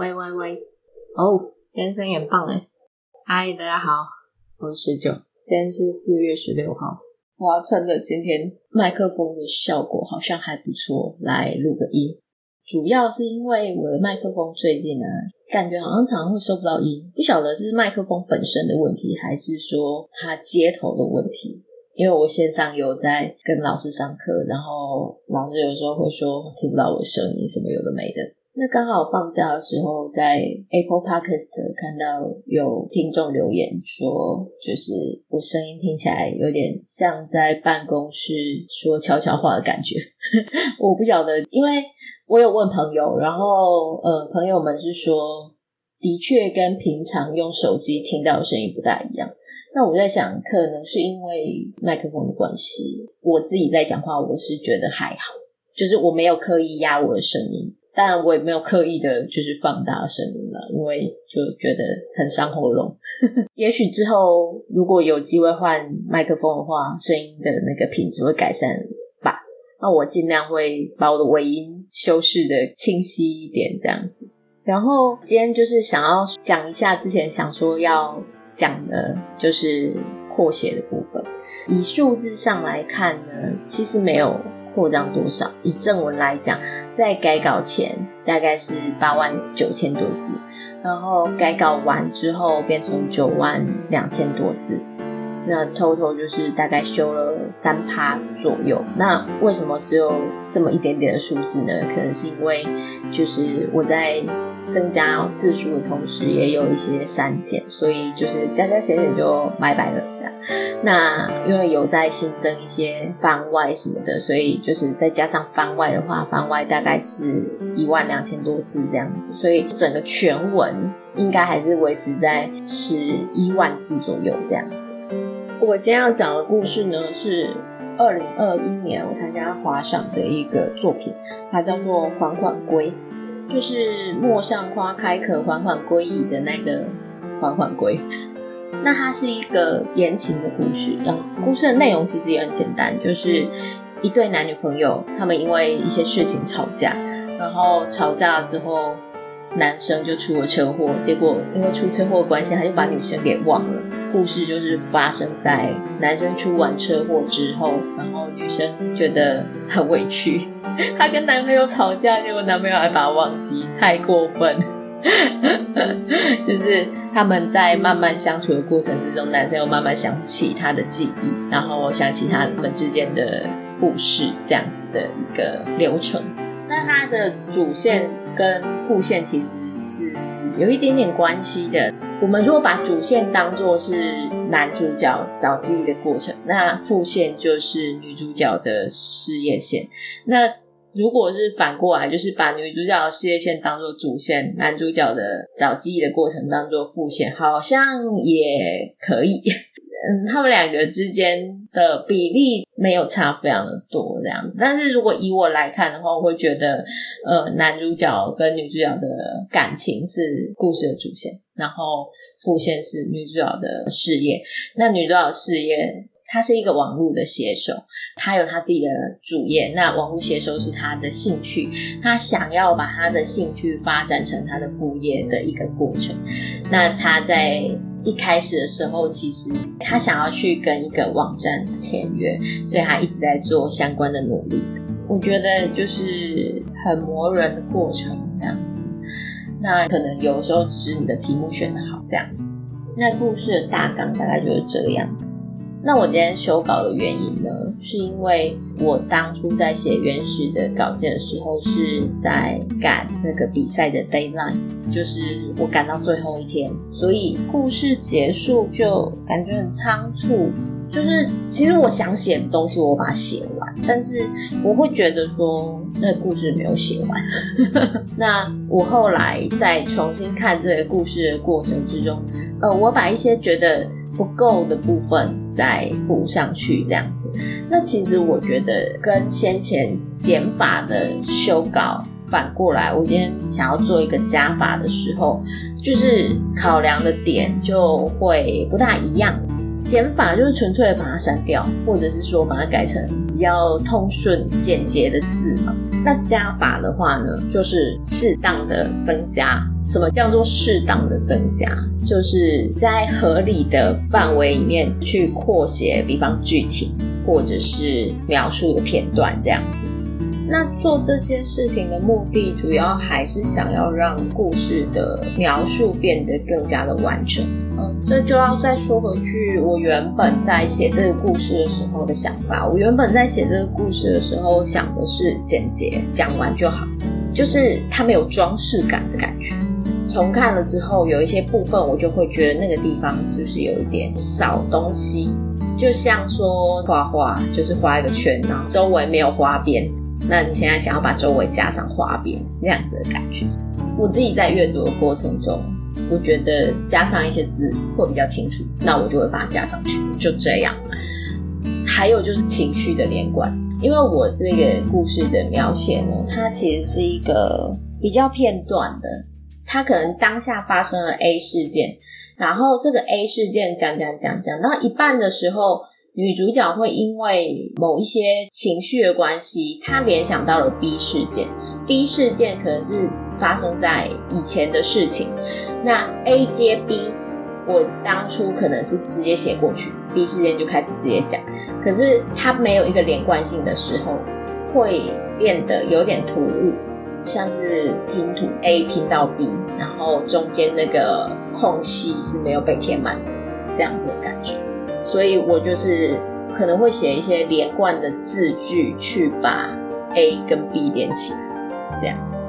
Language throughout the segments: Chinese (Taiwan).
喂喂喂！哦，oh，先生也棒哎！嗨，大家好，我是十九，今天是四月十六號。我要趁着今天麥克風的效果好像還不錯，來錄個音。主要是因為我的麥克風最近呢，感覺好像常常會收不到音，不曉得是麥克風本身的問題，還是說它接頭的問題。因為我線上有在跟老師上課，然後老師有時候會說聽不到我的聲音什麼有的沒的。那剛好放假的時候，在 Apple Podcast 看到有聽眾留言說，就是我聲音聽起來有點像在辦公室說悄悄話的感覺。 我不曉得，因為我有問朋友，然後呃，朋友們是說的確跟平常用手機聽到的聲音不大一樣。那我在想，可能是因為麥克風的關係，我自己在講話，我是覺得還好，就是我沒有刻意壓我的聲音。當然，但我也沒有刻意的，就是放大聲音了，因為就覺得很傷喉嚨。 也許之後如果有機會換麥克風的話，聲音的那個品質會改善吧。那我盡量會把我的尾音修飾的清晰一點，這樣子。然後今天就是想要講一下之前想說要講的，就是擴寫的部分。以數字上來看呢，其實沒有。擴張多少？以正文來講，在改稿前大概是八萬九千多字，然後改稿完之後變成九萬兩千多字，那 total 就是大概修了三趴左右。那為什麼只有這麼一點點的數字呢？可能是因為就是我在。增加、哦、字數的同時，也有一些刪減，所以就是加加減減就拜拜了這樣。那因為有在新增一些番外什麼的，所以就是再加上番外的話，番外大概是一萬兩千多字這樣子，所以整個全文應該還是維持在十一萬字左右這樣子。我今天要講的故事呢，是二零二一年我參加華賞的一個作品，它叫做《緩緩歸》。就是“陌上花開，可緩緩歸矣”的那個“緩緩歸”，那它是一個言情的故事。故事的內容其實也很簡單，就是一對男女朋友，他們因為一些事情吵架，然後吵架了之後，男生就出了車禍，結果因為出車禍的關係，他就把女生給忘了。故事就是發生在男生出完車禍之後，然後女生覺得很委屈，她跟男朋友吵架，結果男朋友還把她忘記，太過分。 就是他們在慢慢相處的過程之中，男生又慢慢想起他的記憶，然後想起他們之間的故事，這樣子的一個流程。那他的主線跟副線其實是？有一點點關係的。我們如果把主線當做是男主角找記憶的過程，那副線就是女主角的事業線。那如果是反過來，就是把女主角的事業線當做主線，男主角的找記憶的過程當做副線，好像也可以。嗯，他們兩個之間。的比例沒有差非常的多這樣子，但是如果以我來看的話，我會覺得，呃，男主角跟女主角的感情是故事的主線，然後副線是女主角的事業。那女主角的事業，她是一個網絡的寫手，她有她自己的主業，那網絡寫手是她的興趣，她想要把她的興趣發展成她的副業的一個過程。那她在。一開始的時候，其實他想要去跟一個網站簽約，所以他一直在做相關的努力。我覺得就是很磨人的過程，這樣子。那可能有時候只是你的題目選的好，這樣子。那故事的大綱大概就是這個樣子。那我今天修稿的原因呢，是因為我當初在寫原始的稿件的時候是在趕那個比賽的 deadline，就是我趕到最後一天，所以故事結束就感覺很倉促。就是其實我想寫的東西，我把它寫完，但是我會覺得說那個故事沒有寫完。呵呵呵。那我後來再重新看這個故事的過程之中，呃，我把一些覺得不夠的部分。再補上去這樣子，那其實我覺得跟先前減法的修稿反過來，我今天想要做一個加法的時候，就是考量的點就會不大一樣。減法就是純粹的把它刪掉，或者是說把它改成比較通順簡潔的字嘛。那加法的話呢，就是適當的增加。什麼叫做適當的增加？就是在合理的範圍裡面去擴寫，比方劇情或者是描述的片段這樣子。那做這些事情的目的，主要還是想要讓故事的描述變得更加的完整。這就要再說回去，我原本在寫這個故事的時候的想法，我原本在寫這個故事的時候想的是簡潔，講完就好，就是它沒有裝飾感的感覺。重看了之後，有一些部分我就會覺得那個地方是不是有一點少東西，就像說畫畫，就是畫一個圈，然後周圍沒有花邊，那你現在想要把周圍加上花邊，那樣子的感覺。我自己在閱讀的過程中。我覺得加上一些字會比較清楚，那我就會把它加上去，就這樣。還有就是情緒的連貫，因為我這個故事的描寫呢，它其實是一個比較片段的，它可能當下發生了 A 事件，然後這個 A 事件講講講講到一半的時候，女主角會因為某一些情緒的關係，她聯想到了 B 事件，B 事件可能是發生在以前的事情。那 A 接 B，我當初可能是直接寫過去，B 事件就開始直接講，可是它沒有一個連貫性的時候，會變得有點突兀，像是拼圖 A 拼到 B，然後中間那個空隙是沒有被填滿的，這樣子的感覺，所以我就是可能會寫一些連貫的字句去把 A 跟 B 連起來，這樣子。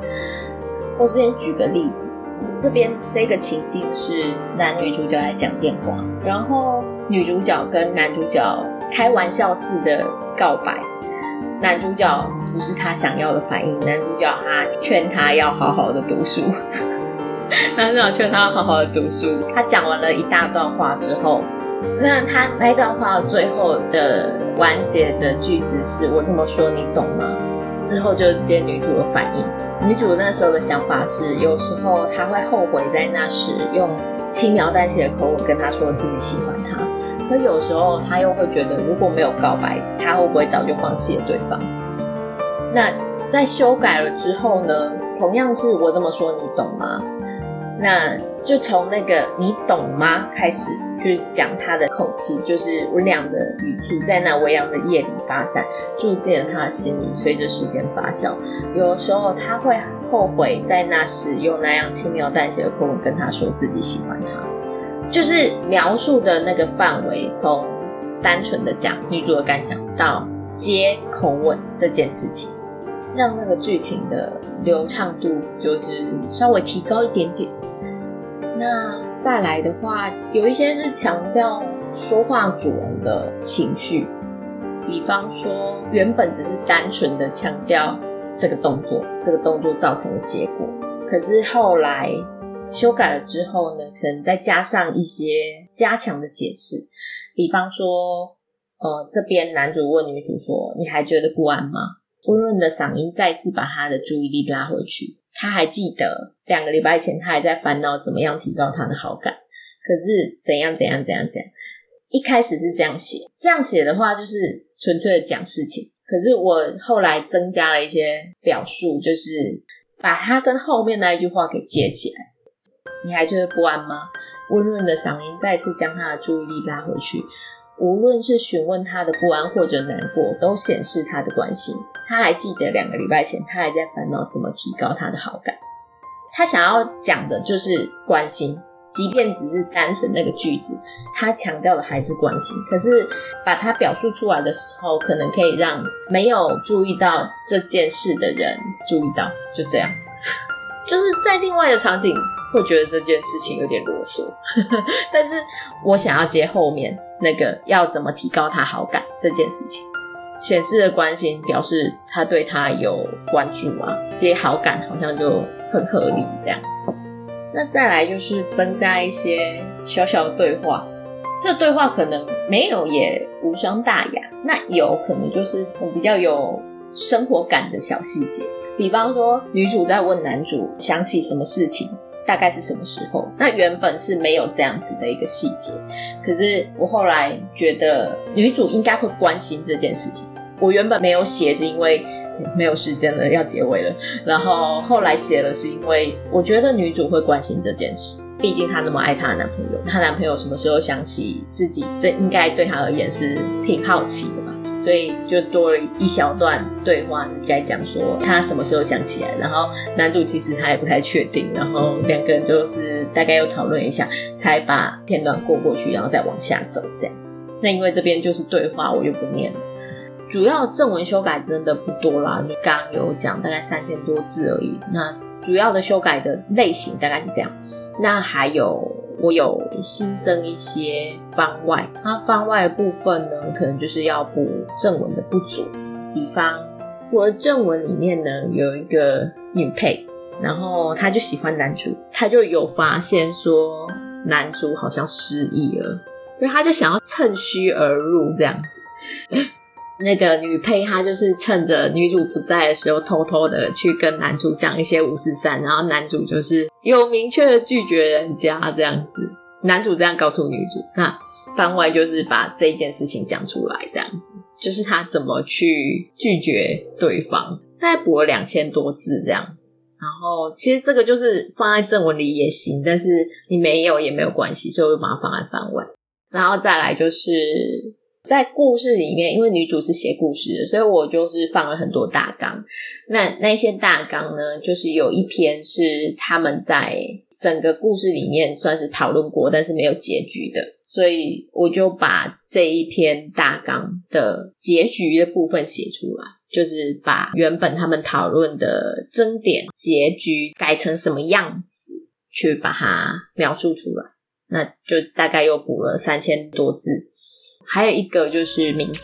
我這邊舉個例子。這邊這個情境是男女主角在講電話，然後女主角跟男主角開玩笑似的告白，男主角不是他想要的反應。男主角他勸他要好好的讀書，呵呵，男主角勸他要好好的讀書。他講完了一大段話之後，那他那段話最後的完結的句子是「我這麼說，你懂嗎？」之後就接女主的反應。女主那時候的想法是，有時候她會後悔在那時用輕描淡寫的口吻跟他說自己喜歡他，可有時候她又會覺得如果沒有告白，她會不會早就放棄了對方？那在修改了之後呢？同樣是我這麼說，你懂嗎？那就從那個你懂嗎開始，去、就是、講他的口氣，就是溫良的語氣，在那微涼的夜裡發散，住進了他的心裡，隨着時間發酵。有時候他會後悔，在那時用那樣輕描淡寫的口吻跟他說自己喜歡他，就是描述的那個範圍，從單純的講女主的感想，到接口吻這件事情。讓那個劇情的流暢度就是稍微提高一點點。那再來的話，有一些是強調說話主人的情緒，比方說原本只是單純的強調這個動作，這個動作造成的結果，可是後來修改了之後呢，可能再加上一些加強的解釋，比方說，呃，這邊男主問女主說：“你還覺得不安嗎？”溫潤的嗓音再次把他的注意力拉回去。他還記得兩個禮拜前，他還在煩惱怎麼樣提高他的好感。可是怎樣怎樣怎樣怎樣，一開始是這樣寫，這樣寫的話就是純粹的講事情。可是我後來增加了一些表述，就是把他跟後面那一句話給接起來。你還覺得不安嗎？溫潤的嗓音再次將他的注意力拉回去。無論是詢問他的不安或者難過，都顯示他的關心。他還記得兩個禮拜前，他還在煩惱怎麼提高他的好感。他想要講的就是關心，即便只是單純那個句子，他強調的還是關心，可是把它表述出來的時候，可能可以讓沒有注意到這件事的人注意到。就這樣，就是在另外的場景會覺得這件事情有點囉嗦呵呵，但是我想要接後面那個要怎麼提高他好感這件事情。顯示的關心表示他對他有關注啊，這些好感好像就很合理這樣子。那再來就是增加一些小小的對話，這對話可能沒有也無傷大雅，那有可能就是比較有生活感的小細節，比方說女主在問男主想起什麼事情，大概是什麼時候。那原本是沒有這樣子的一個細節，可是我後來覺得女主應該會關心這件事情。我原本沒有寫，是因為沒有時間了，要結尾了。然後後來寫了，是因為我覺得女主會關心這件事，畢竟她那麼愛她的男朋友，她男朋友什麼時候想起自己，這應該對她而言是挺好奇的嘛。所以就多了一小段對話，是在講說他什麼時候想起來。然後男主其實他也不太確定。然後兩個人就是大概又討論一下，才把片段過過去，然後再往下走這樣子。那因為這邊就是對話，我就不念了。主要正文修改真的不多啦，你剛剛有講大概三千多字而已。那主要的修改的類型大概是這樣。那還有我有新增一些番外，那番外的部分呢，可能就是要補正文的不足。比方我的正文裡面呢，有一個女配，然後她就喜歡男主，她就有發現說男主好像失憶了，所以她就想要趁虛而入這樣子。那個女配她就是趁着女主不在的時候，偷偷的去跟男主講一些五四三。然後男主就是有明確的拒絕人家這樣子。男主這樣告訴女主，那番外就是把這件事情講出來，這樣子就是他怎麼去拒絕對方。大概補了兩千多字這樣子，然後其實這個就是放在正文裡也行，但是你沒有也沒有關係，所以我就把它放在番外。然後再來就是。在故事裡面，因為女主是寫故事的，所以我就是放了很多大綱。那那些大綱呢，就是有一篇是他們在整個故事裡面算是討論過，但是沒有結局的，所以我就把這一篇大綱的結局的部分寫出來，就是把原本他們討論的爭點結局改成什麼樣子，去把它描述出來。那就大概又補了三千多字。還有一個就是名字，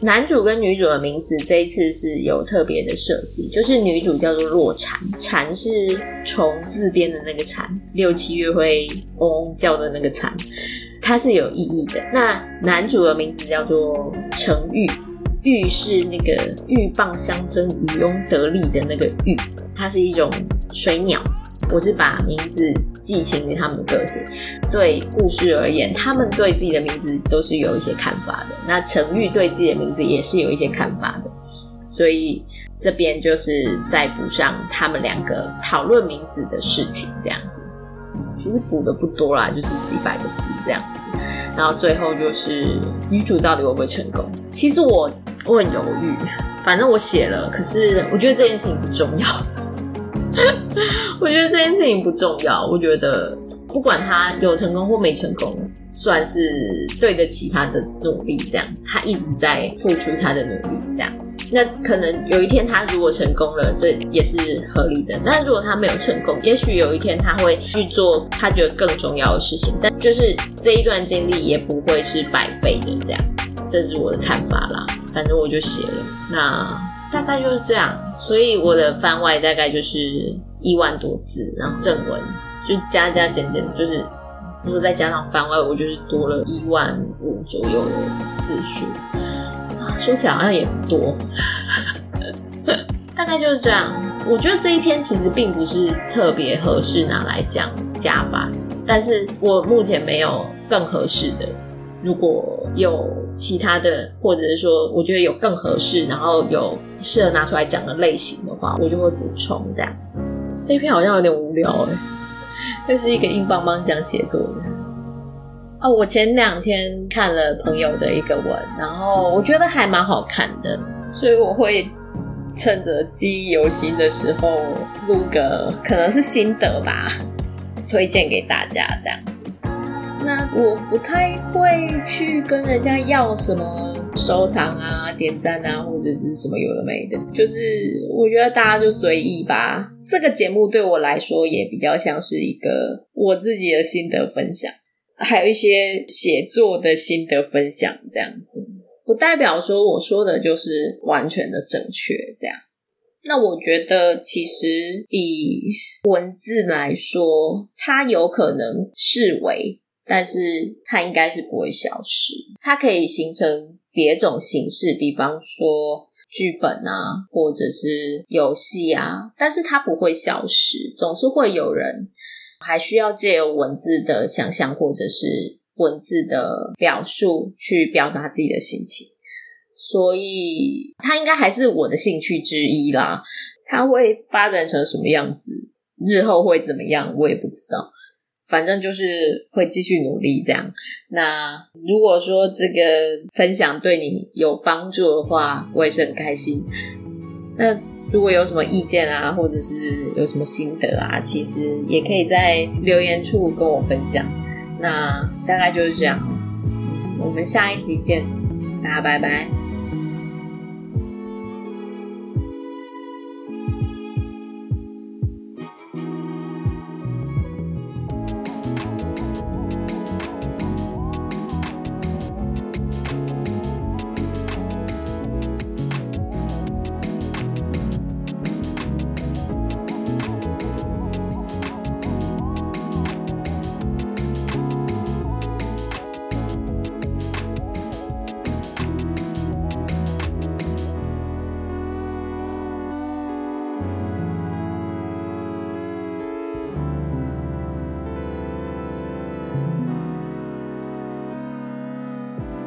男主跟女主的名字這一次是有特別的設計，就是女主叫做落蟬，蟬是蟲字邊的那個蟬，六七月會嗡嗡叫的那個蟬，它是有意義的。那男主的名字叫做成玉，玉是那個鹬蚌相爭，漁翁得利的那個鷸，它是一種水鳥。我是把名字寄情於他們的個性，對故事而言，他們對自己的名字都是有一些看法的。那陳玉對自己的名字也是有一些看法的，所以這邊就是再補上他們兩個討論名字的事情，這樣子。嗯，其實補的不多啦，就是幾百個字這樣子。然後最後就是女主到底會不會成功？其實我我很猶豫，反正我寫了，可是我覺得這件事情不重要。 我覺得這件事情不重要，我覺得不管他有成功或沒成功，算是對得起他的努力這樣子。他一直在付出他的努力這樣子，那可能有一天他如果成功了，這也是合理的。但如果他沒有成功，也許有一天他會去做他覺得更重要的事情，但就是這一段經歷也不會是白費的這樣子。這是我的看法啦，反正我就寫了。那大概就是這樣，所以我的番外大概就是一萬多字，然後正文就加加減減，就是如果再加上番外，我就是多了一萬五左右的字數。啊，說起來好像也不多， 大概就是這樣。我覺得這一篇其實並不是特別合適拿來講加法，但是我目前沒有更合適的。如果有其他的，或者是說我覺得有更合適，然後有適合拿出來講的類型的話，我就會補充這樣子。這一篇好像有點無聊誒、欸、就是一個硬邦邦講寫作的。啊、哦，我前兩天看了朋友的一個文，然後我覺得還蠻好看的，所以我會趁着記憶猶新的時候錄個，可能是心得吧，推薦給大家這樣子。那我不太會去跟人家要什麼收藏啊、點讚啊，或者是什麼有的沒的。就是我覺得大家就隨意吧。這個節目對我來說也比較像是一個我自己的心得分享，還有一些寫作的心得分享這樣子。不代表說我說的就是完全的正確這樣。那我覺得其實以文字來說，它有可能視為。但是它應該是不會消失，它可以形成別種形式，比方說劇本啊，或者是遊戲啊，但是它不會消失，總是會有人還需要藉由文字的想象或者是文字的表述去表達自己的心情，所以它應該還是我的興趣之一啦。它會發展成什麼樣子，日後會怎麼樣，我也不知道。反正就是會繼續努力，這樣。那如果說這個分享對你有幫助的話，我也是很開心。那如果有什麼意見啊，或者是有什麼心得啊，其實也可以在留言處跟我分享。那大概就是這樣。我們下一集見，大家拜拜。